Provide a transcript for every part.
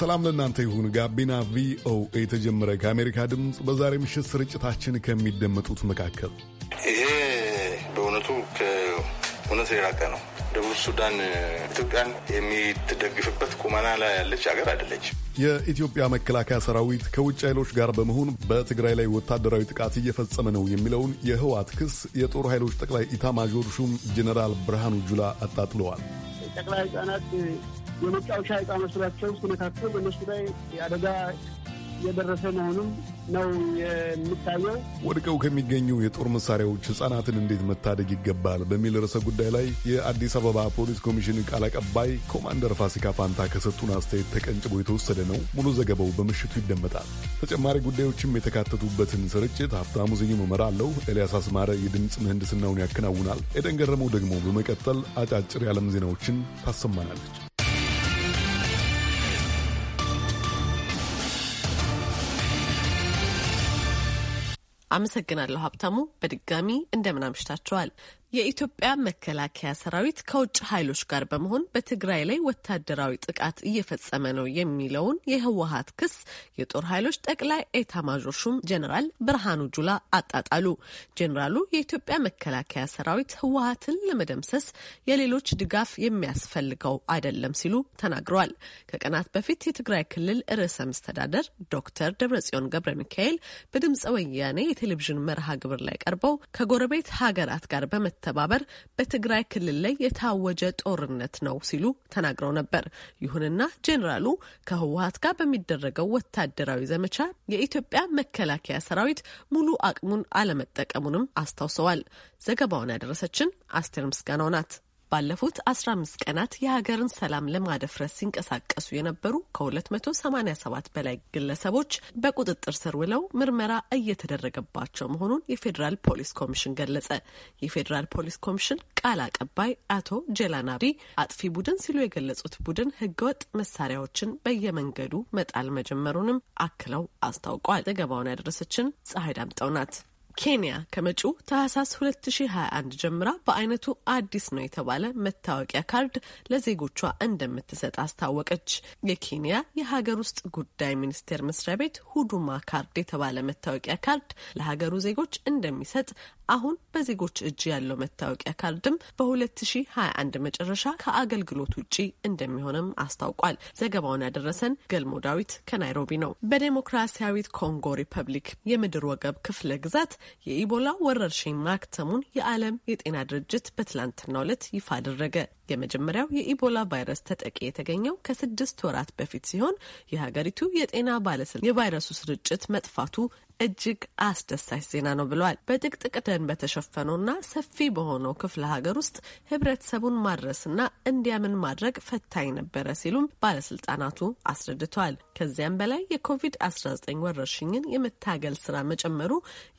ሰላም ለእናንተ ይሁን። ጋቢና ቪኦኤ የተጀመረ ከአሜሪካ ድምፅ በዛሬ ምሽት ስርጭታችን ከሚደመጡት መካከል ይሄ በእውነቱ ከእውነት የራቀ ነው። ደቡብ ሱዳን ኢትዮጵያን የሚትደግፍበት ቁመና ላይ ያለች ሀገር አይደለች። የኢትዮጵያ መከላከያ ሰራዊት ከውጭ ኃይሎች ጋር በመሆን በትግራይ ላይ ወታደራዊ ጥቃት እየፈጸመ ነው የሚለውን የህወሓት ክስ የጦር ኃይሎች ጠቅላይ ኢታማዦር ሹም ጄኔራል ብርሃኑ ጁላ አጣጥለዋል። ጠቅላይ ህጻናት የመጫወቻ ዕቃ መስሏቸው ሲነካከሉ በእነሱ ላይ አደጋ የደረሰ መሆኑን ነው የሚታየው። ወድቀው ከሚገኙ የጦር መሳሪያዎች ህጻናትን እንዴት መታደግ ይገባል በሚል ርዕሰ ጉዳይ ላይ የአዲስ አበባ ፖሊስ ኮሚሽን ቃል አቀባይ ኮማንደር ፋሲካ ፓንታ ከሰጡን አስተያየት ተቀንጭቦ የተወሰደ ነው። ሙሉ ዘገባው በምሽቱ ይደመጣል። ተጨማሪ ጉዳዮችም የተካተቱበትን ስርጭት ሀብታሙ ዝዩ እመራለሁ። ኤልያስ አስማረ የድምፅ ምህንድስናውን ያከናውናል። ኤደን ገረመው ደግሞ በመቀጠል አጫጭር የዓለም ዜናዎችን ታሰማናለች። አመሰግናለሁ ሀብታሙ። በድጋሚ እንደምን አምሽታችኋል። የኢትዮጵያ መከላከያ ሰራዊት ከውጭ ኃይሎች ጋር በመሆን በትግራይ ላይ ወታደራዊ ጥቃት እየፈጸመ ነው የሚለውን የህወሀት ክስ የጦር ኃይሎች ጠቅላይ ኤታማዦር ሹም ጀኔራል ብርሃኑ ጁላ አጣጣሉ። ጀኔራሉ የኢትዮጵያ መከላከያ ሰራዊት ህወሀትን ለመደምሰስ የሌሎች ድጋፍ የሚያስፈልገው አይደለም ሲሉ ተናግረዋል። ከቀናት በፊት የትግራይ ክልል ርዕሰ መስተዳደር ዶክተር ደብረጽዮን ገብረ ሚካኤል በድምጸ ወያኔ የቴሌቪዥን መርሃ ግብር ላይ ቀርበው ከጎረቤት ሀገራት ጋር በመ መተባበር በትግራይ ክልል ላይ የታወጀ ጦርነት ነው ሲሉ ተናግረው ነበር። ይሁንና ጄኔራሉ ከህወሀት ጋር በሚደረገው ወታደራዊ ዘመቻ የኢትዮጵያ መከላከያ ሰራዊት ሙሉ አቅሙን አለመጠቀሙንም አስታውሰዋል። ዘገባውን ያደረሰችን አስቴር ምስጋናው ናት። ባለፉት 15 ቀናት የሀገርን ሰላም ለማደፍረስ ሲንቀሳቀሱ የነበሩ ከ287 በላይ ግለሰቦች በቁጥጥር ስር ውለው ምርመራ እየተደረገባቸው መሆኑን የፌዴራል ፖሊስ ኮሚሽን ገለጸ። የፌዴራል ፖሊስ ኮሚሽን ቃል አቀባይ አቶ ጀላናቢ አጥፊ ቡድን ሲሉ የገለጹት ቡድን ህገወጥ መሳሪያዎችን በየመንገዱ መጣል መጀመሩንም አክለው አስታውቋል። ዘገባውን ያደረሰችን ፀሐይ ዳምጠው ናት። ኬንያ ከመጪው ታህሳስ 2021 ጀምራ በአይነቱ አዲስ ነው የተባለ መታወቂያ ካርድ ለዜጎቿ እንደምትሰጥ አስታወቀች። የኬንያ የሀገር ውስጥ ጉዳይ ሚኒስቴር መስሪያ ቤት ሁዱማ ካርድ የተባለ መታወቂያ ካርድ ለሀገሩ ዜጎች እንደሚሰጥ አሁን በዜጎች እጅ ያለው መታወቂያ ካርድም በ2021 መጨረሻ ከአገልግሎት ውጪ እንደሚሆንም አስታውቋል። ዘገባውን ያደረሰን ገልሞ ዳዊት ከናይሮቢ ነው። በዴሞክራሲያዊት ኮንጎ ሪፐብሊክ የምድር ወገብ ክፍለ ግዛት የኢቦላ ወረርሽኝ ማክተሙን የዓለም የጤና ድርጅት በትላንትናው ዕለት ይፋ አደረገ። የመጀመሪያው የኢቦላ ቫይረስ ተጠቂ የተገኘው ከስድስት ወራት በፊት ሲሆን የሀገሪቱ የጤና ባለስልጣን የቫይረሱ ስርጭት መጥፋቱ እጅግ አስደሳች ዜና ነው ብለዋል። በጥቅጥቅ ደን በተሸፈነውና ሰፊ በሆነው ክፍለ ሀገር ውስጥ ህብረተሰቡን ማድረስና እንዲያምን ማድረግ ፈታኝ ነበረ ሲሉም ባለስልጣናቱ አስረድተዋል። ከዚያም በላይ የኮቪድ-19 ወረርሽኝን የመታገል ስራ መጨመሩ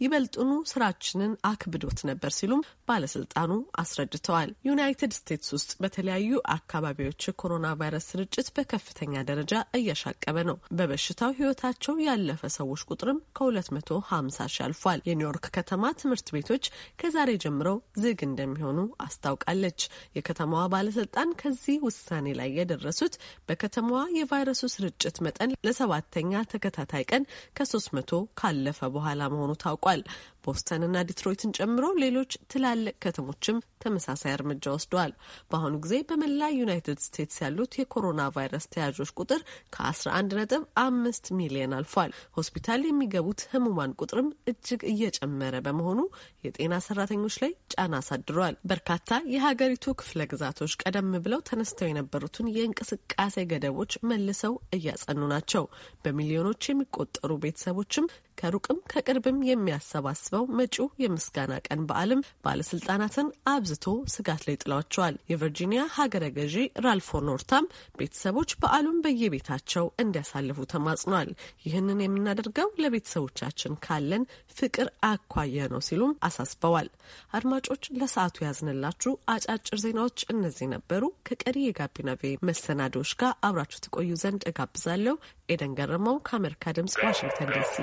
ይበልጡኑ ስራችንን አክብዶት ነበር ሲሉም ባለስልጣኑ አስረድተዋል። ዩናይትድ ስቴትስ ውስጥ በተለያዩ አካባቢዎች የኮሮና ቫይረስ ስርጭት በከፍተኛ ደረጃ እያሻቀበ ነው። በበሽታው ህይወታቸው ያለፈ ሰዎች ቁጥርም ከሁለት 250 ሺህ አልፏል። የኒውዮርክ ከተማ ትምህርት ቤቶች ከዛሬ ጀምረው ዝግ እንደሚሆኑ አስታውቃለች። የከተማዋ ባለስልጣን ከዚህ ውሳኔ ላይ የደረሱት በከተማዋ የቫይረሱ ስርጭት መጠን ለሰባተኛ ተከታታይ ቀን ከ300 ካለፈ በኋላ መሆኑ ታውቋል። ቦስተንና ዲትሮይትን ጨምሮ ሌሎች ትላልቅ ከተሞችም ተመሳሳይ እርምጃ ወስደዋል። በአሁኑ ጊዜ በመላ ዩናይትድ ስቴትስ ያሉት የኮሮና ቫይረስ ተያዦች ቁጥር ከ11 ነጥብ አምስት ሚሊዮን አልፏል። ሆስፒታል የሚገቡት ህሙማን ቁጥርም እጅግ እየጨመረ በመሆኑ የጤና ሰራተኞች ላይ ጫና አሳድሯል። በርካታ የሀገሪቱ ክፍለ ግዛቶች ቀደም ብለው ተነስተው የነበሩትን የእንቅስቃሴ ገደቦች መልሰው እያጸኑ ናቸው። በሚሊዮኖች የሚቆጠሩ ቤተሰቦችም ከሩቅም ከቅርብም የሚያሰባስበው መጪው የምስጋና ቀን በዓልም ባለስልጣናትን አብዝቶ ስጋት ላይ ጥሏቸዋል። የቨርጂኒያ ሀገረ ገዢ ራልፎ ኖርታም ቤተሰቦች በዓሉን በየቤታቸው እንዲያሳልፉ ተማጽኗል። ይህንን የምናደርገው ለቤተሰቦቻችን ካለን ፍቅር አኳያ ነው ሲሉም አሳስበዋል። አድማጮች ለሰዓቱ ያዝንላችሁ አጫጭር ዜናዎች እነዚህ ነበሩ። ከቀሪ የጋቢና ቪ መሰናዶዎች ጋር አብራችሁ ትቆዩ ዘንድ እጋብዛለሁ። ኤደን ገረመው ከአሜሪካ ድምፅ ዋሽንግተን ዲሲ።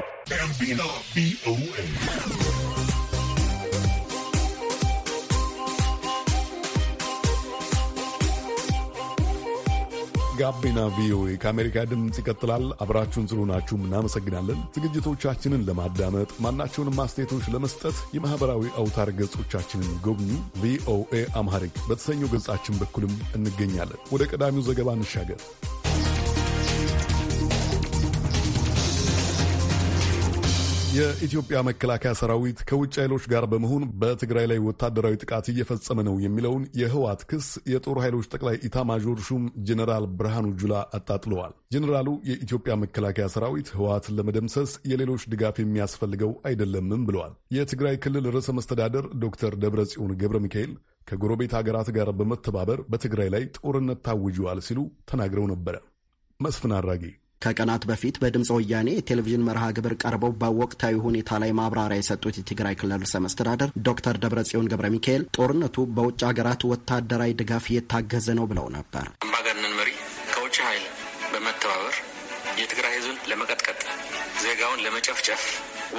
ጋቢና ቪኦኤ ከአሜሪካ ድምፅ ይቀጥላል። አብራችሁን ስለሆናችሁም እናመሰግናለን። ዝግጅቶቻችንን ለማዳመጥ ማናቸውንም አስተያየቶች ለመስጠት የማኅበራዊ አውታር ገጾቻችንን ጎብኙ። ቪኦኤ አምሃሪክ በተሰኘው ገጻችን በኩልም እንገኛለን። ወደ ቀዳሚው ዘገባ እንሻገር። የኢትዮጵያ መከላከያ ሰራዊት ከውጭ ኃይሎች ጋር በመሆን በትግራይ ላይ ወታደራዊ ጥቃት እየፈጸመ ነው የሚለውን የህዋት ክስ የጦር ኃይሎች ጠቅላይ ኢታማዦር ሹም ጀኔራል ብርሃኑ ጁላ አጣጥለዋል። ጀኔራሉ የኢትዮጵያ መከላከያ ሰራዊት ህዋትን ለመደምሰስ የሌሎች ድጋፍ የሚያስፈልገው አይደለምም ብለዋል። የትግራይ ክልል ርዕሰ መስተዳደር ዶክተር ደብረጽዮን ገብረ ሚካኤል ከጎረቤት ሀገራት ጋር በመተባበር በትግራይ ላይ ጦርነት ታውጀዋል ሲሉ ተናግረው ነበረ። መስፍን አድራጌ ከቀናት በፊት በድምፅ ወያኔ የቴሌቪዥን መርሃ ግብር ቀርበው በወቅታዊ ሁኔታ ላይ ማብራሪያ የሰጡት የትግራይ ክልል ርዕሰ መስተዳደር ዶክተር ደብረጽዮን ገብረ ሚካኤል ጦርነቱ በውጭ ሀገራት ወታደራዊ ድጋፍ እየታገዘ ነው ብለው ነበር። አምባገነን መሪ ከውጭ ኃይል በመተባበር የትግራይ ህዝብን ለመቀጥቀጥ ዜጋውን ለመጨፍጨፍ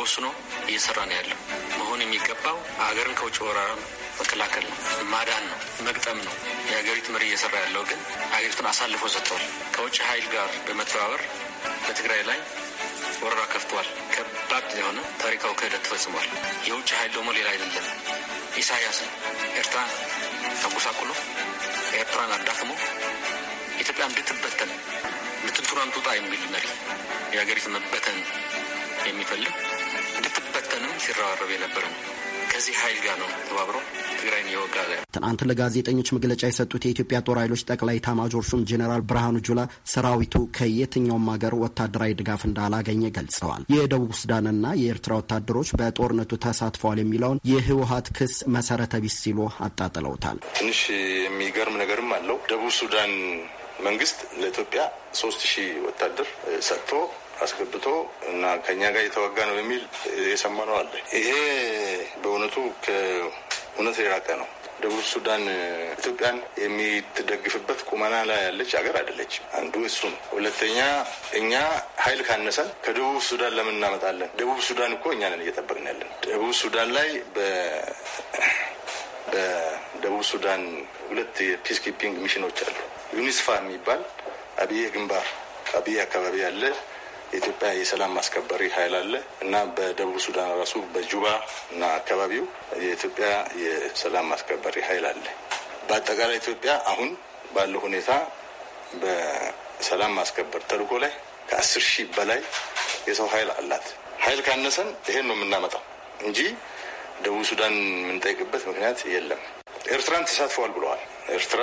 ወስኖ እየሰራ ነው ያለው። መሆን የሚገባው አገርን ከውጭ ወረራ ነው መከላከል ነው፣ ማዳን ነው፣ መግጠም ነው። የሀገሪቱ መሪ እየሰራ ያለው ግን ሀገሪቱን አሳልፎ ሰጥቷል። ከውጭ ኃይል ጋር በመተባበር በትግራይ ላይ ወረራ ከፍቷል። ከባድ የሆነ ታሪካዊ ክህደት ተፈጽሟል። የውጭ ኃይል ደግሞ ሌላ አይደለም፣ ኢሳያስ ኤርትራ አጉሳቁሎ ኤርትራን አዳክሞ ኢትዮጵያ እንድትበተን ምትንቱራን ጡጣ የሚል መሪ የሀገሪቱ መበተን የሚፈልግ እንድትበተንም ሲረባረብ የነበረ ነው። ከዚህ ኃይል ጋር ነው ተባብሮ ትግራይን የወጋ። ትናንት ለጋዜጠኞች መግለጫ የሰጡት የኢትዮጵያ ጦር ኃይሎች ጠቅላይ ኤታማዦር ሹም ጄኔራል ብርሃኑ ጁላ ሰራዊቱ ከየትኛውም ሀገር ወታደራዊ ድጋፍ እንዳላገኘ ገልጸዋል። የደቡብ ሱዳንና የኤርትራ ወታደሮች በጦርነቱ ተሳትፈዋል የሚለውን የህወሀት ክስ መሰረተ ቢስ ሲሉ አጣጥለውታል። ትንሽ የሚገርም ነገርም አለው። ደቡብ ሱዳን መንግስት ለኢትዮጵያ ሶስት ሺህ ወታደር ሰጥቶ አስገብቶ እና ከኛ ጋር እየተዋጋ ነው የሚል የሰማነው አለ። ይሄ በእውነቱ ከእውነት የራቀ ነው። ደቡብ ሱዳን ኢትዮጵያን የሚትደግፍበት ቁመና ላይ ያለች ሀገር አይደለች አንዱ እሱ ነው። ሁለተኛ እኛ ኃይል ካነሰን ከደቡብ ሱዳን ለምን እናመጣለን? ደቡብ ሱዳን እኮ እኛ ነን እየጠበቅን ያለን። ደቡብ ሱዳን ላይ በደቡብ ሱዳን ሁለት የፒስ ኪፒንግ ሚሽኖች አሉ። ዩኒስፋ የሚባል አብዬ ግንባር አብዬ አካባቢ ያለ የኢትዮጵያ የሰላም ማስከበሪ ኃይል አለ እና በደቡብ ሱዳን ራሱ በጁባ እና አካባቢው የኢትዮጵያ የሰላም ማስከበሪ ኃይል አለ። በአጠቃላይ ኢትዮጵያ አሁን ባለው ሁኔታ በሰላም ማስከበር ተልዕኮ ላይ ከአስር ሺህ በላይ የሰው ኃይል አላት። ኃይል ካነሰን ይሄን ነው የምናመጣው እንጂ ደቡብ ሱዳን የምንጠይቅበት ምክንያት የለም። ኤርትራን ተሳትፈዋል ብለዋል። ኤርትራ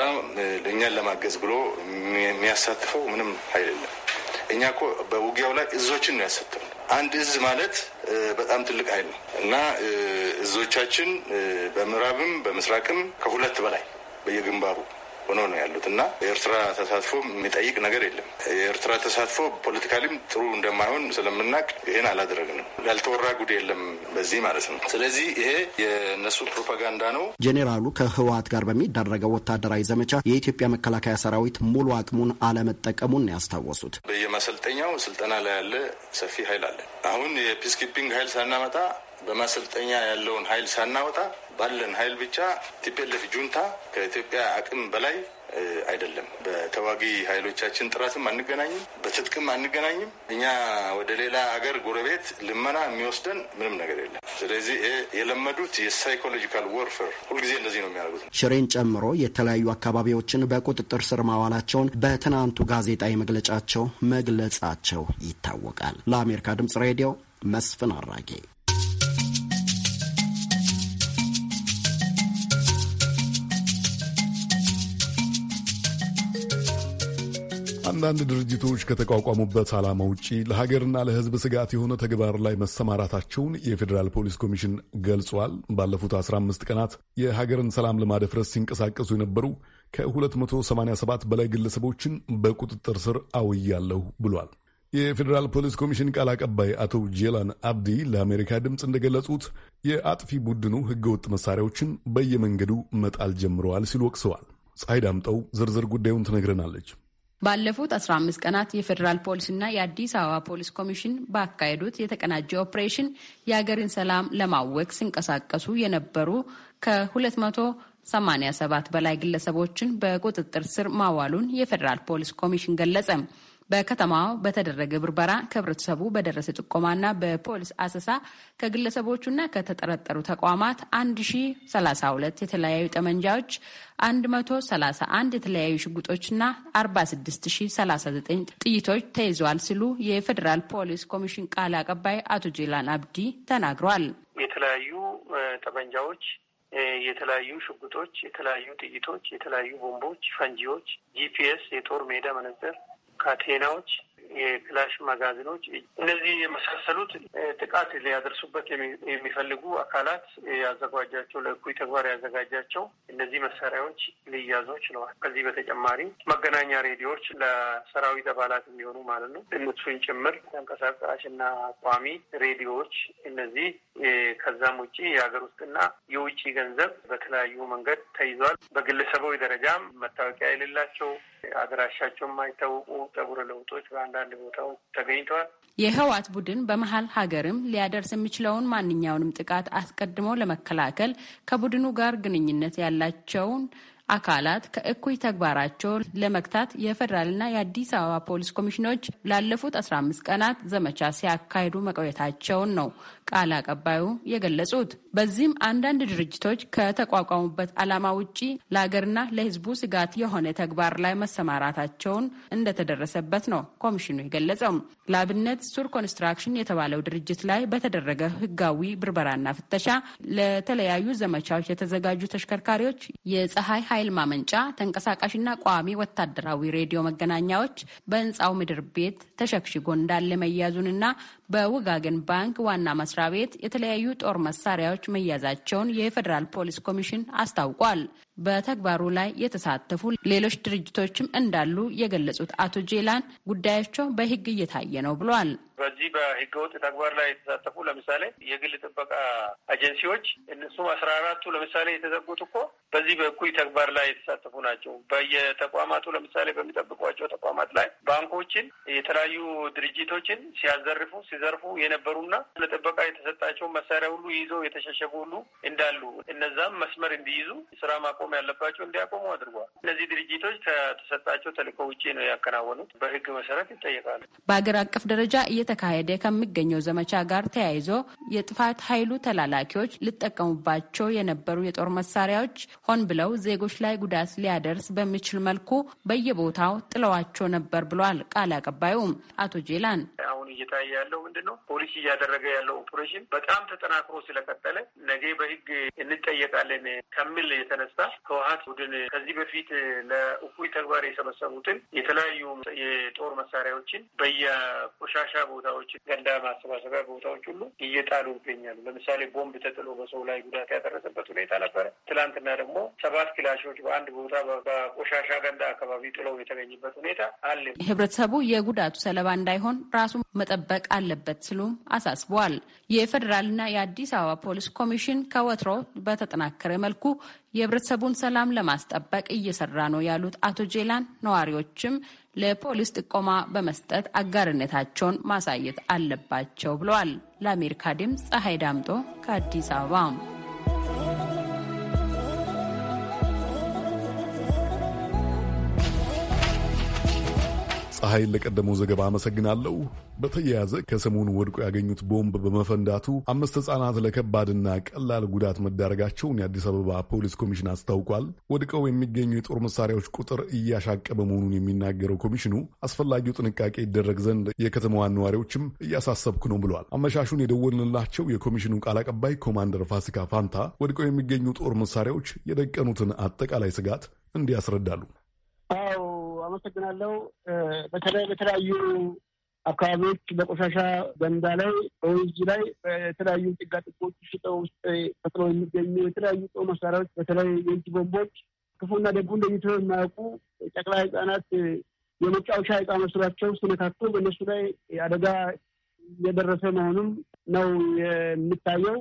እኛን ለማገዝ ብሎ የሚያሳትፈው ምንም ኃይል የለም። እኛ እኮ በውጊያው ላይ እዞችን ነው ያሰጠነው። አንድ እዝ ማለት በጣም ትልቅ ኃይል ነው እና እዞቻችን በምዕራብም በምስራቅም ከሁለት በላይ በየግንባሩ ሆኖ ነው ያሉት እና የኤርትራ ተሳትፎ የሚጠይቅ ነገር የለም። የኤርትራ ተሳትፎ ፖለቲካሊም ጥሩ እንደማይሆን ስለምናቅ ይህን አላደረግንም። ያልተወራ ጉድ የለም በዚህ ማለት ነው። ስለዚህ ይሄ የነሱ ፕሮፓጋንዳ ነው። ጄኔራሉ ከህወሀት ጋር በሚደረገው ወታደራዊ ዘመቻ የኢትዮጵያ መከላከያ ሰራዊት ሙሉ አቅሙን አለመጠቀሙን ያስታወሱት በየማሰልጠኛው ስልጠና ላይ ያለ ሰፊ ኃይል አለ። አሁን የፒስኪፒንግ ኃይል ሳናመጣ በማሰልጠኛ ያለውን ኃይል ሳናወጣ ባለን ኃይል ብቻ ቲፒኤልኤፍ ጁንታ ከኢትዮጵያ አቅም በላይ አይደለም። በተዋጊ ኃይሎቻችን ጥረትም አንገናኝም፣ በትጥቅም አንገናኝም። እኛ ወደ ሌላ አገር ጎረቤት ልመና የሚወስደን ምንም ነገር የለም። ስለዚህ የለመዱት የሳይኮሎጂካል ወርፌር ሁልጊዜ እንደዚህ ነው የሚያደርጉት። ሽሬን ጨምሮ የተለያዩ አካባቢዎችን በቁጥጥር ስር ማዋላቸውን በትናንቱ ጋዜጣዊ መግለጫቸው መግለጻቸው ይታወቃል። ለአሜሪካ ድምጽ ሬዲዮ መስፍን አራጌ አንዳንድ ድርጅቶች ከተቋቋሙበት ዓላማ ውጪ ለሀገርና ለሕዝብ ስጋት የሆነ ተግባር ላይ መሰማራታቸውን የፌዴራል ፖሊስ ኮሚሽን ገልጿል። ባለፉት 15 ቀናት የሀገርን ሰላም ለማደፍረስ ሲንቀሳቀሱ የነበሩ ከ287 በላይ ግለሰቦችን በቁጥጥር ስር አውያለሁ ብሏል። የፌዴራል ፖሊስ ኮሚሽን ቃል አቀባይ አቶ ጄላን አብዲ ለአሜሪካ ድምፅ እንደገለጹት የአጥፊ ቡድኑ ሕገወጥ መሳሪያዎችን በየመንገዱ መጣል ጀምረዋል ሲሉ ወቅሰዋል። ፀሐይ ዳምጠው ዝርዝር ጉዳዩን ትነግረናለች። ባለፉት 15 ቀናት የፌዴራል ፖሊስና የአዲስ አበባ ፖሊስ ኮሚሽን ባካሄዱት የተቀናጀ ኦፕሬሽን የሀገርን ሰላም ለማወክ ሲንቀሳቀሱ የነበሩ ከ287 በላይ ግለሰቦችን በቁጥጥር ስር ማዋሉን የፌዴራል ፖሊስ ኮሚሽን ገለጸ። በከተማዋ በተደረገ ብርበራ ከህብረተሰቡ በደረሰ ጥቆማና በፖሊስ አሰሳ ከግለሰቦቹና ከተጠረጠሩ ተቋማት 1032 የተለያዩ ጠመንጃዎች፣ 131 የተለያዩ ሽጉጦችና 46039 ጥይቶች ተይዘዋል ሲሉ የፌዴራል ፖሊስ ኮሚሽን ቃል አቀባይ አቶ ጄላን አብዲ ተናግሯል። የተለያዩ ጠመንጃዎች የተለያዩ ሽጉጦች፣ የተለያዩ ጥይቶች፣ የተለያዩ ቦምቦች፣ ፈንጂዎች፣ ጂፒኤስ፣ የጦር ሜዳ መነጽር ካቴናዎች፣ የክላሽ መጋዘኖች፣ እነዚህ የመሳሰሉት ጥቃት ሊያደርሱበት የሚፈልጉ አካላት ያዘጋጃቸው ለእኩይ ተግባር ያዘጋጃቸው እነዚህ መሳሪያዎች ሊያዙ ችለዋል። ከዚህ በተጨማሪ መገናኛ ሬዲዮዎች ለሰራዊት አባላት የሚሆኑ ማለት ነው እነሱን ጭምር ተንቀሳቃሽ ቋሚ ሬዲዮዎች እነዚህ ከዛም ውጭ የሀገር ውስጥና የውጭ ገንዘብ በተለያዩ መንገድ ተይዟል። በግለሰባዊ ደረጃም መታወቂያ የሌላቸው አድራሻቸው የማይታወቁ ጸጉረ ለውጦች በአንዳንድ ቦታዎች ተገኝተዋል። የህዋት ቡድን በመሀል ሀገርም ሊያደርስ የሚችለውን ማንኛውንም ጥቃት አስቀድሞ ለመከላከል ከቡድኑ ጋር ግንኙነት ያላቸውን አካላት ከእኩይ ተግባራቸው ለመግታት የፌዴራልና የአዲስ አበባ ፖሊስ ኮሚሽኖች ላለፉት 15 ቀናት ዘመቻ ሲያካሂዱ መቆየታቸውን ነው ቃል አቀባዩ የገለጹት። በዚህም አንዳንድ ድርጅቶች ከተቋቋሙበት ዓላማ ውጪ ለሀገርና ለሕዝቡ ስጋት የሆነ ተግባር ላይ መሰማራታቸውን እንደተደረሰበት ነው ኮሚሽኑ የገለጸው። ለአብነት ሱር ኮንስትራክሽን የተባለው ድርጅት ላይ በተደረገ ህጋዊ ብርበራና ፍተሻ ለተለያዩ ዘመቻዎች የተዘጋጁ ተሽከርካሪዎች የፀሐይ ኃይል ማመንጫ፣ ተንቀሳቃሽና ቋሚ ወታደራዊ ሬዲዮ መገናኛዎች በህንፃው ምድር ቤት ተሸክሽጎ እንዳለ መያዙንና በውጋገን ባንክ ዋና መስሪያ ቤት የተለያዩ ጦር መሳሪያዎች መያዛቸውን የፌዴራል ፖሊስ ኮሚሽን አስታውቋል። በተግባሩ ላይ የተሳተፉ ሌሎች ድርጅቶችም እንዳሉ የገለጹት አቶ ጄላን ጉዳያቸው በህግ እየታየ ነው ብሏል። በዚህ በህገወጥ ተግባር ላይ የተሳተፉ ለምሳሌ የግል ጥበቃ ኤጀንሲዎች እነሱም አስራ አራቱ ለምሳሌ የተዘጉት እኮ በዚህ በእኩይ ተግባር ላይ የተሳተፉ ናቸው። በየተቋማቱ ለምሳሌ በሚጠብቋቸው ተቋማት ላይ ባንኮችን፣ የተለያዩ ድርጅቶችን ሲያዘርፉ ሲዘርፉ የነበሩና ለጥበቃ የተሰጣቸው መሳሪያ ሁሉ ይዘው የተሸሸጉ ሁሉ እንዳሉ እነዛም መስመር እንዲይዙ ስራ ማቆም ያለባቸው እንዲያቆሙ አድርጓል። እነዚህ ድርጅቶች ከተሰጣቸው ተልዕኮ ውጭ ነው ያከናወኑት፣ በህግ መሰረት ይጠየቃሉ። በሀገር አቀፍ ደረጃ እየተካሄደ ከሚገኘው ዘመቻ ጋር ተያይዞ የጥፋት ኃይሉ ተላላኪዎች ሊጠቀሙባቸው የነበሩ የጦር መሳሪያዎች ሆን ብለው ዜጎች ላይ ጉዳት ሊያደርስ በሚችል መልኩ በየቦታው ጥለዋቸው ነበር ብሏል ቃል አቀባዩም አቶ ጄላን። አሁን እየታየ ያለው ምንድን ነው? ፖሊስ እያደረገ ያለው ኦፕሬሽን በጣም ተጠናክሮ ስለቀጠለ ነገ በህግ እንጠየቃለን ከሚል የተነሳ ህወሀት ቡድን ከዚህ በፊት ለእኩይ ተግባር የሰበሰቡትን የተለያዩ የጦር መሳሪያዎችን በየቆሻሻ ቦታዎች፣ ገንዳ ማሰባሰቢያ ቦታዎች ሁሉ እየጣሉ ይገኛሉ። ለምሳሌ ቦምብ ተጥሎ በሰው ላይ ጉዳት ያደረሰበት ሁኔታ ነበረ። ትላንትና ደግሞ ሰባት ክላሾች በአንድ ቦታ በቆሻሻ ገንዳ አካባቢ ጥለው የተገኝበት ሁኔታ አለ። ህብረተሰቡ የጉዳቱ ሰለባ እንዳይሆን ራሱ መጠበቅ አለበት ሲሉም አሳስበዋል። የፌዴራልና የአዲስ አበባ ፖሊስ ኮሚሽን ከወትሮ በተጠናከረ መልኩ የህብረተሰቡን ሰላም ለማስጠበቅ እየሰራ ነው ያሉት አቶ ጄላን ነዋሪዎችም ለፖሊስ ጥቆማ በመስጠት አጋርነታቸውን ማሳየት አለባቸው ብለዋል። ለአሜሪካ ድምፅ ፀሐይ ዳምጦ ከአዲስ አበባ ፀሐይን ለቀደመው ዘገባ አመሰግናለሁ። በተያያዘ ከሰሞኑ ወድቆ ያገኙት ቦምብ በመፈንዳቱ አምስት ሕፃናት ለከባድና ቀላል ጉዳት መዳረጋቸውን የአዲስ አበባ ፖሊስ ኮሚሽን አስታውቋል። ወድቀው የሚገኙ የጦር መሳሪያዎች ቁጥር እያሻቀበ መሆኑን የሚናገረው ኮሚሽኑ አስፈላጊው ጥንቃቄ ይደረግ ዘንድ የከተማዋን ነዋሪዎችም እያሳሰብኩ ነው ብሏል። አመሻሹን የደወልንላቸው የኮሚሽኑ ቃል አቀባይ ኮማንደር ፋሲካ ፋንታ ወድቀው የሚገኙ ጦር መሳሪያዎች የደቀኑትን አጠቃላይ ስጋት እንዲያስረዳሉ። አመሰግናለሁ። በተለይ በተለያዩ አካባቢዎች በቆሻሻ ገንዳ ላይ በወንዝ ላይ በተለያዩ ጥጋጥቦች ሽጠው ውስጥ ተጥለው የሚገኙ የተለያዩ ጦር መሳሪያዎች በተለይ የእጅ ቦምቦች ክፉና ደጉን ለይተው የማያውቁ ጨቅላ ህጻናት የመጫወቻ ዕቃ መስሏቸው ሲነካኩ በእነሱ ላይ አደጋ የደረሰ መሆኑም ነው የሚታየው።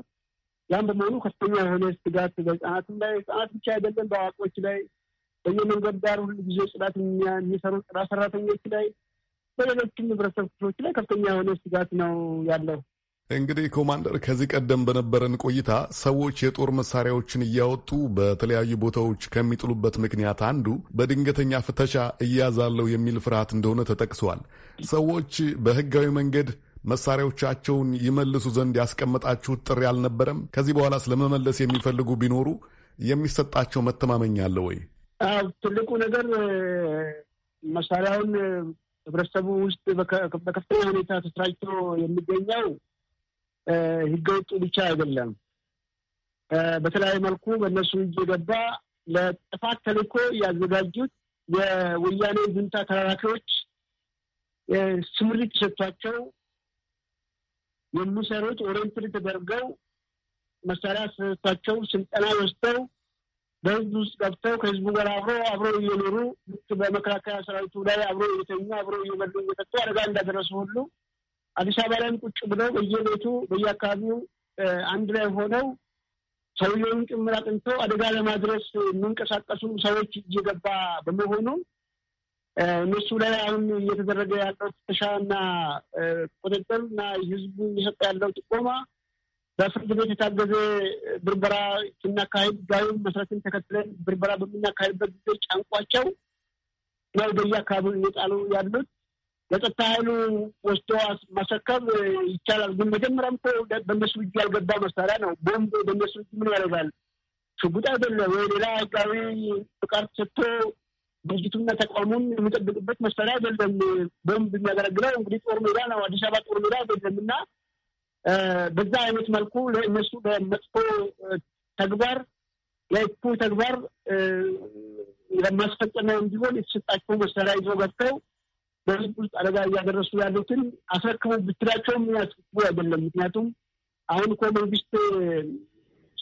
ያም በመሆኑ ከፍተኛ የሆነ ስጋት በህጻናትም ላይ ህጻናት ብቻ አይደለም በአዋቂዎች ላይ በየመንገድ ዳር ሁሉ ጊዜ ጽዳት የሚሰሩ ጽዳት ሰራተኞች ላይ፣ በሌሎችም ህብረተሰብ ክፍሎች ላይ ከፍተኛ የሆነ ስጋት ነው ያለው። እንግዲህ ኮማንደር፣ ከዚህ ቀደም በነበረን ቆይታ ሰዎች የጦር መሳሪያዎችን እያወጡ በተለያዩ ቦታዎች ከሚጥሉበት ምክንያት አንዱ በድንገተኛ ፍተሻ እያዛለው የሚል ፍርሃት እንደሆነ ተጠቅሰዋል። ሰዎች በህጋዊ መንገድ መሳሪያዎቻቸውን ይመልሱ ዘንድ ያስቀመጣችሁት ጥሪ አልነበረም? ከዚህ በኋላ ስለመመለስ የሚፈልጉ ቢኖሩ የሚሰጣቸው መተማመኛ አለ ወይ? አዎ ትልቁ ነገር መሳሪያውን ህብረተሰቡ ውስጥ በከፍተኛ ሁኔታ ተስራጭቶ የሚገኘው ህገወጡ ብቻ አይደለም። በተለያየ መልኩ በእነሱ እጅ የገባ ለጥፋት ተልእኮ ያዘጋጁት የወያኔ ጁንታ ተላላኪዎች ስምሪት ተሰጥቷቸው የሚሰሩት ኦሬንትድ ተደርገው መሳሪያ ተሰጥቷቸው ስልጠና ወስደው በህዝብ ውስጥ ገብተው ከህዝቡ ጋር አብረው አብረው እየኖሩ በመከላከያ ሰራዊቱ ላይ አብረው እየተኙ አብረው እየበሉ እየጠጡ አደጋ እንዳደረሱ ሁሉ አዲስ አበባ ላይም ቁጭ ብለው በየቤቱ በየአካባቢው አንድ ላይ ሆነው ሰውየውን ጭምር አጥንቶ አደጋ ለማድረስ የሚንቀሳቀሱ ሰዎች እየገባ በመሆኑ እነሱ ላይ አሁን እየተደረገ ያለው ፍተሻና ቁጥጥር እና ህዝቡ እየሰጠ ያለው ጥቆማ በፍርድ ቤት የታገዘ ብርበራ ስናካሄድ ጋዩን መሰረትን ተከትለን ብርበራ በምናካሄድበት ጊዜ ጫንቋቸው ነው በየአካባቢው እየጣሉ ያሉት። ለጸጥታ ኃይሉ ወስዶ ማስረከብ ይቻላል፣ ግን መጀመሪያም እኮ በእነሱ እጅ ያልገባ መሳሪያ ነው። ቦምብ በእነሱ እጅ ምን ያደርጋል? ሽጉጥ አይደለም ወይ ሌላ ህጋዊ ፍቃድ ሰጥቶ ድርጅቱና ተቋሙን የሚጠብቅበት መሳሪያ አይደለም። ቦምብ የሚያገለግለው እንግዲህ ጦር ሜዳ ነው፣ አዲስ አበባ ጦር ሜዳ አይደለም እና በዛ አይነት መልኩ ለእነሱ በመጥፎ ተግባር ለክፉ ተግባር ለማስፈጸሚያ እንዲሆን የተሰጣቸው መሳሪያ ይዞ ገብተው በህዝብ ውስጥ አደጋ እያደረሱ ያሉትን አስረክቡ ብትላቸውም ያስረክቡ አይደለም። ምክንያቱም አሁን እኮ መንግስት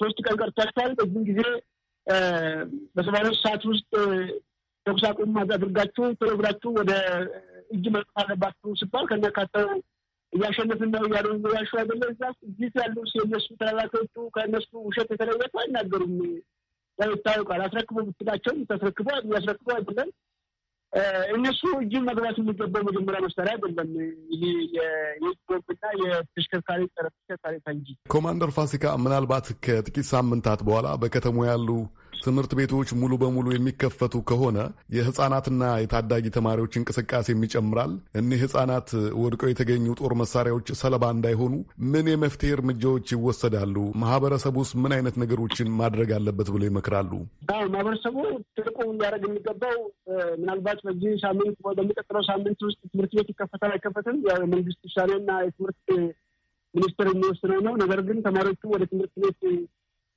ሶስት ቀን ቀርቷቸዋል። በዚህም ጊዜ በሰባ ሁለት ሰዓት ውስጥ ተኩስ አቁም አድርጋችሁ ተረግራችሁ ወደ እጅ መጥፋት አለባችሁ ሲባል ከነካተው እያሸነፍን ነው እያሉ ያሹ አይደለ እዛ እዚህ ያሉ የነሱ ተላላኪዎቹ ከእነሱ ውሸት የተለወጡ አይናገሩም። ያው ይታወቃል። አስረክቦ ብትላቸውም ታስረክቦ የሚያስረክቦ አይደለም። እነሱ እጅ መግባት የሚገባው መጀመሪያ መሳሪያ አይደለም። ይህ የቦምብና የተሽከርካሪ ጸረ ተሽከርካሪ እንጂ ኮማንደር ፋሲካ ምናልባት ከጥቂት ሳምንታት በኋላ በከተማ ያሉ ትምህርት ቤቶች ሙሉ በሙሉ የሚከፈቱ ከሆነ የህጻናትና የታዳጊ ተማሪዎች እንቅስቃሴም ይጨምራል። እኒህ ህጻናት ወድቀው የተገኙ ጦር መሳሪያዎች ሰለባ እንዳይሆኑ ምን የመፍትሄ እርምጃዎች ይወሰዳሉ? ማህበረሰቡ ውስጥ ምን አይነት ነገሮችን ማድረግ አለበት ብለው ይመክራሉ? ማህበረሰቡ ትልቁ ሊያደርግ የሚገባው ምናልባት በዚህ ሳምንት በሚቀጥለው ሳምንት ውስጥ ትምህርት ቤት ይከፈታል አይከፈትም የመንግስት ውሳኔና የትምህርት ሚኒስትር የሚወስነው ነው። ነገር ግን ተማሪዎቹ ወደ ትምህርት ቤት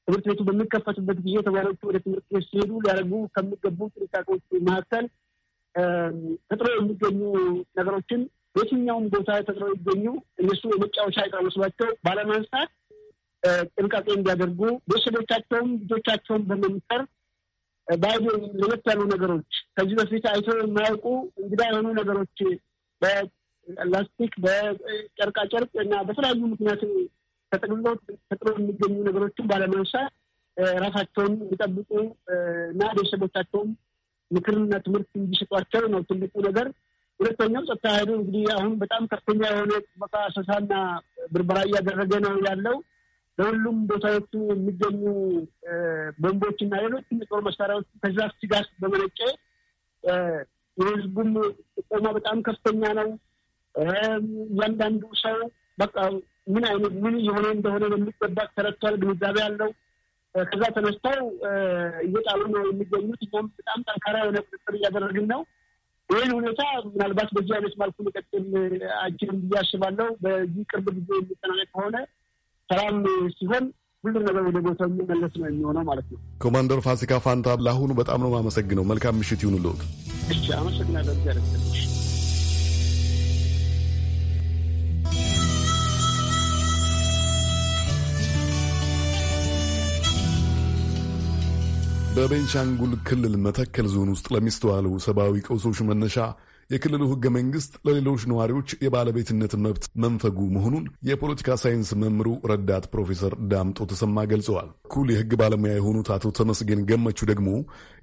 ትምህርት ቤቱ በሚከፈቱበት ጊዜ ተማሪዎቹ ወደ ትምህርት ቤት ሲሄዱ ሊያደርጉ ከሚገቡ ጥንቃቄዎች መካከል ተጥሮ የሚገኙ ነገሮችን በየትኛውም ቦታ ተጥሮ ይገኙ እነሱ የመጫወቻ ዕቃ መስሏቸው ባለማንሳት ጥንቃቄ እንዲያደርጉ ቤተሰቦቻቸውም ልጆቻቸውን በመምከር ባይዶ ለየት ያሉ ነገሮች ከዚህ በፊት አይቶ የማያውቁ እንግዳ የሆኑ ነገሮች በላስቲክ፣ በጨርቃጨርቅ እና በተለያዩ ምክንያት ተጠቅልሎ የሚገኙ ነገሮችን ባለማንሳት ራሳቸውን እንዲጠብቁ እና ቤተሰቦቻቸውም ምክርና ትምህርት እንዲሰጧቸው ነው ትልቁ ነገር። ሁለተኛው ጸጥታ ኃይሉ እንግዲህ አሁን በጣም ከፍተኛ የሆነ ጥበቃ አሰሳና ብርበራ እያደረገ ነው ያለው። ለሁሉም ቦታዎቹ የሚገኙ ቦምቦች እና ሌሎች የጦር መሳሪያዎች ከዛ ስጋት በመነጨ የህዝቡም ጥቆማ በጣም ከፍተኛ ነው። እያንዳንዱ ሰው በቃ ምን አይነት ምን የሆነ እንደሆነ በሚገባ ተረቷል ግንዛቤ አለው። ከዛ ተነስተው እየጣሉ ነው የሚገኙት። እኛም በጣም ጠንካራ የሆነ ቁጥጥር እያደረግን ነው። ይህን ሁኔታ ምናልባት በዚህ አይነት መልኩ ሊቀጥል አይችልም ብዬ አስባለሁ። በዚህ ቅርብ ጊዜ የሚጠናቀቅ ከሆነ ሰላም ሲሆን ሁሉ ነገር ወደ ቦታው የሚመለስ ነው የሚሆነው ማለት ነው። ኮማንደር ፋሲካ ፋንታ፣ ለአሁኑ በጣም ነው የማመሰግነው። መልካም ምሽት ይሁንልዎት። እሺ፣ አመሰግናለሁ። በቤንሻንጉል ክልል መተከል ዞን ውስጥ ለሚስተዋሉ ሰብአዊ ቀውሶች መነሻ የክልሉ ሕገ መንግሥት ለሌሎች ነዋሪዎች የባለቤትነት መብት መንፈጉ መሆኑን የፖለቲካ ሳይንስ መምህሩ ረዳት ፕሮፌሰር ዳምጦ ተሰማ ገልጸዋል። ኩል የህግ ባለሙያ የሆኑት አቶ ተመስገን ገመቹ ደግሞ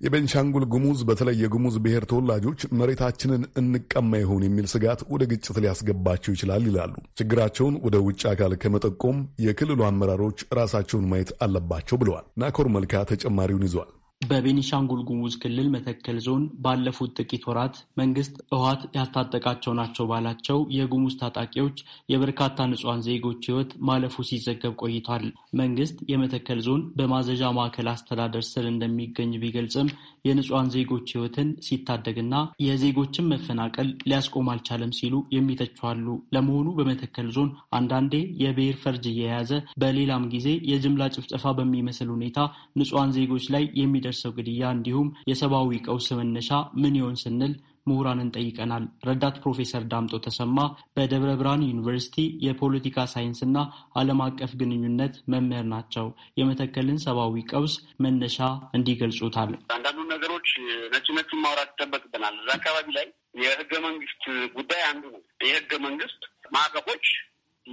የቤንሻንጉል ጉሙዝ በተለይ የጉሙዝ ብሔር ተወላጆች መሬታችንን እንቀማ ይሆን የሚል ስጋት ወደ ግጭት ሊያስገባቸው ይችላል ይላሉ። ችግራቸውን ወደ ውጭ አካል ከመጠቆም የክልሉ አመራሮች ራሳቸውን ማየት አለባቸው ብለዋል። ናኮር መልካ ተጨማሪውን ይዟል። በቤኒሻንጉል ጉሙዝ ክልል መተከል ዞን ባለፉት ጥቂት ወራት መንግስት እዋት ያስታጠቃቸው ናቸው ባላቸው የጉሙዝ ታጣቂዎች የበርካታ ንጹሐን ዜጎች ህይወት ማለፉ ሲዘገብ ቆይቷል። መንግስት የመተከል ዞን በማዘዣ ማዕከል አስተዳደር ስር እንደሚገኝ ቢገልጽም የንጹሐን ዜጎች ህይወትን ሲታደግና የዜጎችን መፈናቀል ሊያስቆም አልቻለም ሲሉ የሚተቸዋሉ። አሉ። ለመሆኑ በመተከል ዞን አንዳንዴ የብሔር ፈርጅ እየያዘ በሌላም ጊዜ የጅምላ ጭፍጨፋ በሚመስል ሁኔታ ንጹሐን ዜጎች ላይ የሚደ የሚደርሰው ግድያ እንዲሁም የሰብአዊ ቀውስ መነሻ ምን ይሆን ስንል ምሁራንን ጠይቀናል። ረዳት ፕሮፌሰር ዳምጦ ተሰማ በደብረ ብርሃን ዩኒቨርሲቲ የፖለቲካ ሳይንስና ዓለም አቀፍ ግንኙነት መምህር ናቸው። የመተከልን ሰብአዊ ቀውስ መነሻ እንዲገልጹታል። አንዳንዱ ነገሮች ነጭ ነጭ ማውራት ይጠበቅብናል። እዛ አካባቢ ላይ የህገ መንግስት ጉዳይ አንዱ ነው። የህገ መንግስት ማዕቀፎች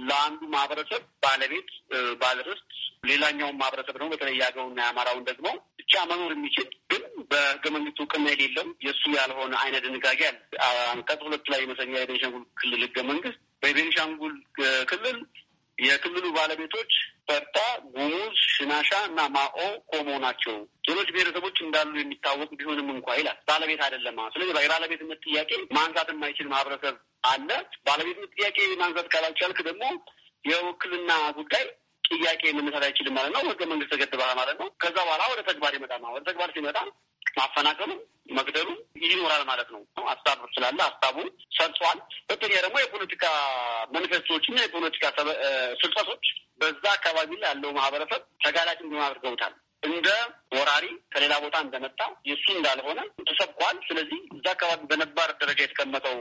ለአንዱ ማህበረሰብ ባለቤት ባለርስት፣ ሌላኛውን ማህበረሰብ ደግሞ በተለይ ያገውና የአማራውን ደግሞ ብቻ መኖር የሚችል ግን በህገ መንግስቱ እውቅና የእሱ ያልሆነ አይነት ድንጋጌ አለ። አንቀጽ ሁለት ላይ ይመስለኛል የቤንሻንጉል ክልል ህገ መንግስት በቤንሻንጉል ክልል የክልሉ ባለቤቶች በርታ፣ ጉሙዝ፣ ሽናሻ እና ማኦ ኮሞ ናቸው። ሌሎች ብሔረሰቦች እንዳሉ የሚታወቅ ቢሆንም እንኳ ይላል ባለቤት አይደለም። ስለዚህ የባለቤትነት ጥያቄ ማንሳት የማይችል ማህበረሰብ አለ። ባለቤትነት ጥያቄ ማንሳት ካላልቻልክ ደግሞ የውክልና ጉዳይ ጥያቄ መነሳት አይችልም ማለት ነው። ህገ መንግስት ተገድበሃል ማለት ነው። ከዛ በኋላ ወደ ተግባር ይመጣ ነው። ወደ ተግባር ሲመጣ ማፈናቀሉ መግደሉ ይኖራል ማለት ነው። ሀሳብ ስላለ ሀሳቡን ሰርጿል። ሁለተኛ ደግሞ የፖለቲካ ማኒፌስቶዎችና የፖለቲካ ስልጠቶች በዛ አካባቢ ላይ ያለው ማህበረሰብ ተጋላጭ እንዲሆን አድርገውታል። እንደ ወራሪ ከሌላ ቦታ እንደመጣ የእሱ እንዳልሆነ ተሰብኳል። ስለዚህ እዛ አካባቢ በነባር ደረጃ የተቀመጠው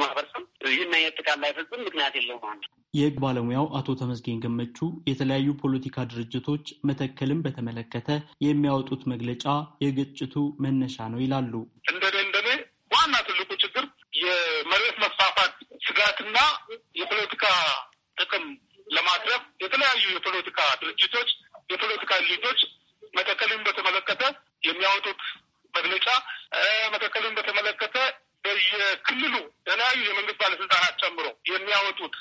ማህበረሰብ ይህን አይነት ጥቃት ላይፈጽም ምክንያት የለውም። አንድ የህግ ባለሙያው አቶ ተመስገን ገመቹ የተለያዩ ፖለቲካ ድርጅቶች መተከልን በተመለከተ የሚያወጡት መግለጫ የግጭቱ መነሻ ነው ይላሉ። እንደኔ እንደኔ ዋና ትልቁ ችግር የመሬት መስፋፋት ስጋትና የፖለቲካ ጥቅም ለማትረፍ የተለያዩ የፖለቲካ ድርጅቶች የፖለቲካ ሊጎች መተከልን በተመለከተ የሚያወጡት መግለጫ መተከልን በተመለከተ በየክልሉ የተለያዩ የመንግስት ባለስልጣናት ጨምሮ የሚያወጡት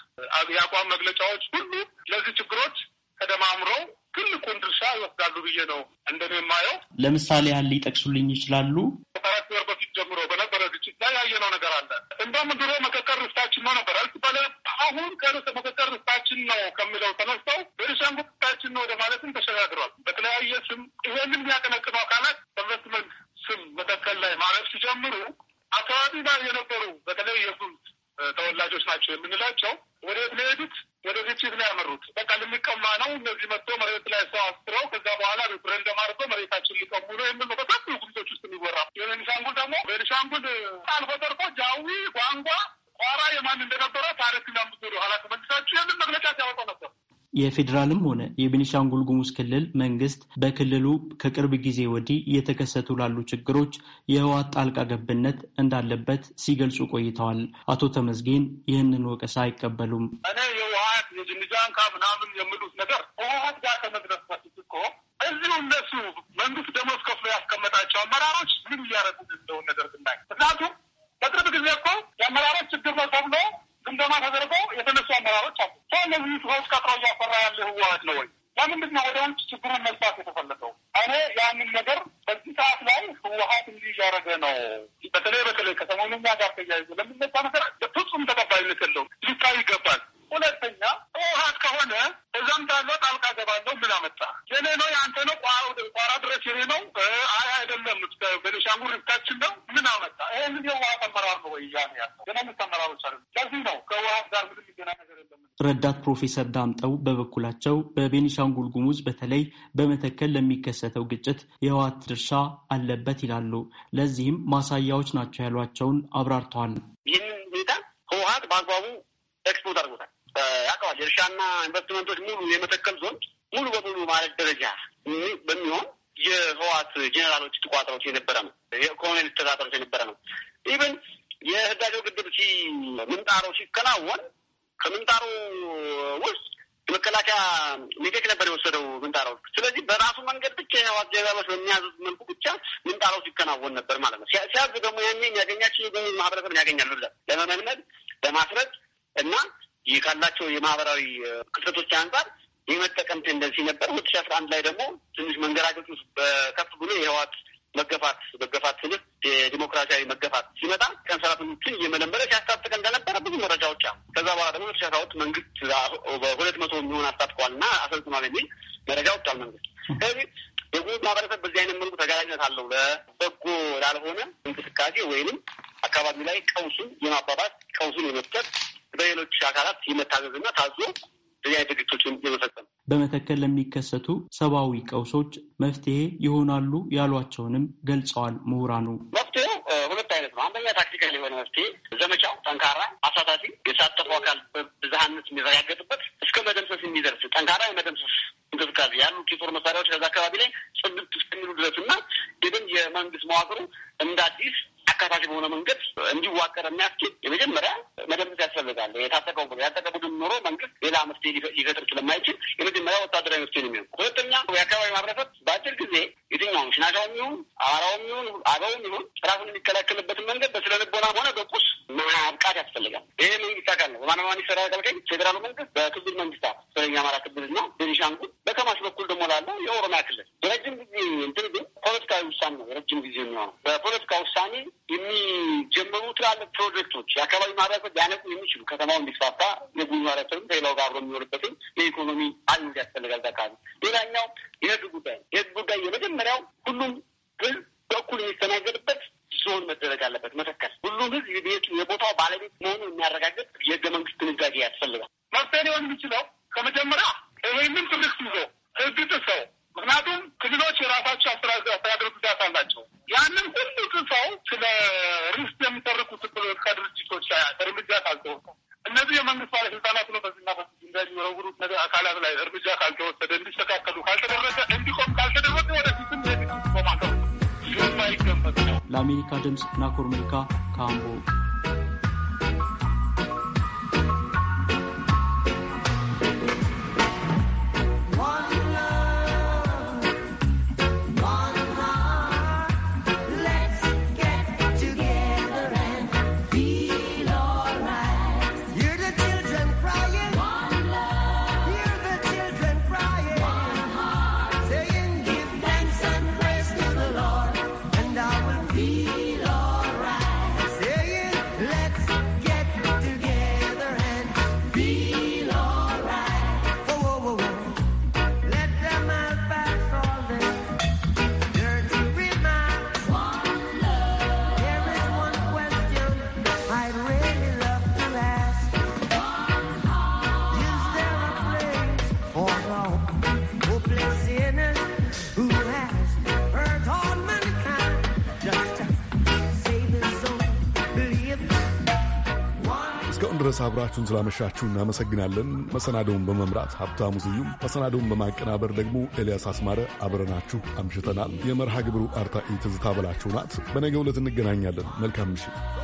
የአቋም መግለጫዎች ሁሉ ለዚህ ችግሮች ተደማምረው ትልቁን ድርሻ ይወስዳሉ ብዬ ነው እንደኔ የማየው። ለምሳሌ ያህል ሊጠቅሱልኝ ይችላሉ? ከአራት ወር በፊት ጀምሮ በነበረ ግጭት ላይ ያየነው ነገር አለ። እንደውም ድሮ መቀቀር ርስታችን ነው ነበር እርስ ባለ አሁን ከርስ መቀቀር ርስታችን ነው ከሚለው ተነስተው በቤኒሻንጉል ርስታችን ነው ወደ ማለትም ተሸጋግሯል። በተለያየ ስም ይሄንን የሚያቀነቅኑ አካላት በኢንቨስትመንት ስም መቀቀል ላይ ማረፍ ሲጀምሩ አካባቢ ላይ የነበሩ በተለይ የሱም ተወላጆች ናቸው የምንላቸው ወደ ሄዱት ወደ ግጭት ነው የሰማ ነው። እነዚህ መጥቶ መሬት ላይ ሰው አስረው ከዛ በኋላ ሪፍረንደም አድርገው መሬታችን ሊቀሙ ነው የምል ነው። በጣም ጉምቶች ውስጥ የሚወራ የቤኒሻንጉል ደግሞ ቤኒሻንጉል ጣልፎ ተርፎ ጃዊ ጓንጓ ቋራ የማን እንደነበረ ታሪክ ና ኋላ ተመልሳችሁ የምን መግለጫ ሲያወጣ ነበር። የፌዴራልም ሆነ የቤኒሻንጉል ጉሙዝ ክልል መንግስት በክልሉ ከቅርብ ጊዜ ወዲህ እየተከሰቱ ላሉ ችግሮች የህወሓት ጣልቃ ገብነት እንዳለበት ሲገልጹ ቆይተዋል። አቶ ተመዝጌን ይህንን ወቀሳ አይቀበሉም። እኔ የህወሓት የጅንጃንካ ምናምን የምሉት ነገር ህወሓት ጋር ከመድረስ በፊት እኮ እዚሁ እነሱ መንግስት ደሞዝ ከፍሎ ያስቀመጣቸው አመራሮች ምን እያደረጉ እንደሆነ ነገር ብናይ ምክንያቱም በቅርብ ጊዜ እኮ የአመራሮች ችግር ነው ተብሎ ግምገማ ተደርጎ የተነሱ አመራሮች አሉ። ሰ እነዚህ ሰዎች ቀጥሮ እያፈራ ያለ ህወሀት ነው ወይ? ለምንድን ነው ወደ ውጭ ችግሩን መግባት የተፈለገው? እኔ ያንን ነገር በዚህ ሰዓት ላይ ህወሀት እንዲህ እያደረገ ነው፣ በተለይ በተለይ ከሰሞኑኛ ጋር ተያይዞ ለምነሳ ነገር ፍጹም ተቀባይነት የለውም። ረዳት ፕሮፌሰር ዳምጠው በበኩላቸው በቤኒሻንጉል ጉሙዝ በተለይ በመተከል ለሚከሰተው ግጭት የህወሓት ድርሻ አለበት ይላሉ። ለዚህም ማሳያዎች ናቸው ያሏቸውን አብራርተዋል። ይህንን ሁኔታ ህወሓት በአግባቡ ኤክስፖርት አድርጎታል ያቀዋል። የእርሻና ኢንቨስትመንቶች ሙሉ የመተከል ዞን ሙሉ በሙሉ ማለት ደረጃ በሚሆን የህወሓት ጄኔራሎች ተቋጥሮች የነበረ ነው። የኮሎኔል ተቋጥሮች የነበረ ነው። ኢቨን የህዳሴው ግድብ ሲ ምንጣሮ ሲከናወን ከምንጣሩ ውስጥ መከላከያ ሚቴክ ነበር የወሰደው ምንጣራው። ስለዚህ በራሱ መንገድ ብቻ የህዋት ጀጋሎች በሚያዙት መልኩ ብቻ ምንጣራው ሲከናወን ነበር ማለት ነው። ሲያዝ ደግሞ ያኔ የሚያገኛቸው ማህበረሰብን ያገኛል በብዛት ለመመልመድ ለማስረጥ እና ይህ ካላቸው የማህበራዊ ክፍተቶች አንጻር የመጠቀም ቴንደንሲ ነበር። ሁለት ሺ አስራ አንድ ላይ ደግሞ ትንሽ መንገራገጭ በከፍ ብሎ የህዋት መገፋት መገፋት ስልት የዲሞክራሲያዊ መገፋት ሲመጣ ቀን ሰራተኞችን እየመለመለ ሲያስታጥቀ እንደነበረ ብዙ መረጃዎች አሉ። ከዛ በኋላ ደግሞ ተሻሻወት መንግስት በሁለት መቶ የሚሆን አስታጥቋል እና አሰልጥኗል የሚል መረጃ ወጥቷል መንግስት። ስለዚህ የጉዝ ማህበረሰብ በዚህ አይነት መልኩ ተጋላጅነት አለው ለበጎ ላልሆነ እንቅስቃሴ ወይንም አካባቢ ላይ ቀውሱን የማባባት ቀውሱን የመፍጠር በሌሎች አካላት የመታዘዝና ታዞ ብዙ አይነት ድርጊቶችን የመፈጸም በመተከል ለሚከሰቱ ሰብአዊ ቀውሶች መፍትሄ ይሆናሉ ያሏቸውንም ገልጸዋል ምሁራኑ። መፍትሄው ሁለት አይነት ነው። አንደኛ ታክቲካል የሆነ መፍትሄ ዘመቻው ጠንካራ፣ አሳታፊ፣ የተሳተፈው አካል በብዝሃነት የሚረጋገጥበት እስከ መደምሰስ የሚደርስ ጠንካራ የመደምሰስ እንቅስቃሴ ያሉት የጦር መሳሪያዎች ከዛ አካባቢ ላይ ጽድት እስከሚሉ ድረስ እና የመንግስት መዋቅሩ እንደ አዲስ አካታች በሆነ መንገድ እንዲዋቀር የሚያስችል የመጀመሪያ መደምሰስ ያስፈልጋል። የታጠቀው ቡድን ያጠቀ ቡድን ኖሮ መንግስት ሌላ መፍትሄ ሊፈጥር ስለማይችል የመጀመሪያ ወታደራዊ መፍትሄ የሚሆን፣ ሁለተኛ የአካባቢ ማህበረሰብ በአጭር ጊዜ የትኛውም ሽናሻውም ይሁን አማራውም ይሁን አገውም ይሁን ራሱን የሚከላከልበትን መንገድ በስነ ልቦናም ሆነ በቁስ ማብቃት ያስፈልጋል። ይህ መንግስት አካል ነው። በማንማኒ ይሰራ ካልከኝ ፌዴራሉ መንግስት በክልል መንግስት በመጀመሪያ ይህንን ትምህርት ይዞ ህግ ጥሰው ምክንያቱም ክልሎች የራሳቸው አስተዳደር ጉዳት አላቸው። ያንን ሁሉ ጥሰው ስለ ርስት የሚጠርቁት ፖለቲካ ድርጅቶች እርምጃ ካልተወሰደ እነዚህ የመንግስት ባለስልጣናት ነው በዚህና በዚህ እንደሚወረውሩት አካላት ላይ እርምጃ ካልተወሰደ እንዲስተካከሉ ካልተደረሰ እንዲቆም ካልተደረሰ ወደፊትም ለፊት ቆማለው ይገመት ነው። ለአሜሪካ ድምፅ ናኮር መልካ ከአምቦ አብራችሁን ስላመሻችሁ እናመሰግናለን። መሰናደውን በመምራት ሀብታሙ ስዩም፣ መሰናደውን በማቀናበር ደግሞ ኤልያስ አስማረ አብረናችሁ አምሽተናል። የመርሃ ግብሩ አርታኢ ትዝታ በላችሁ ናት። በነገ ዕለት እንገናኛለን። መልካም ምሽት።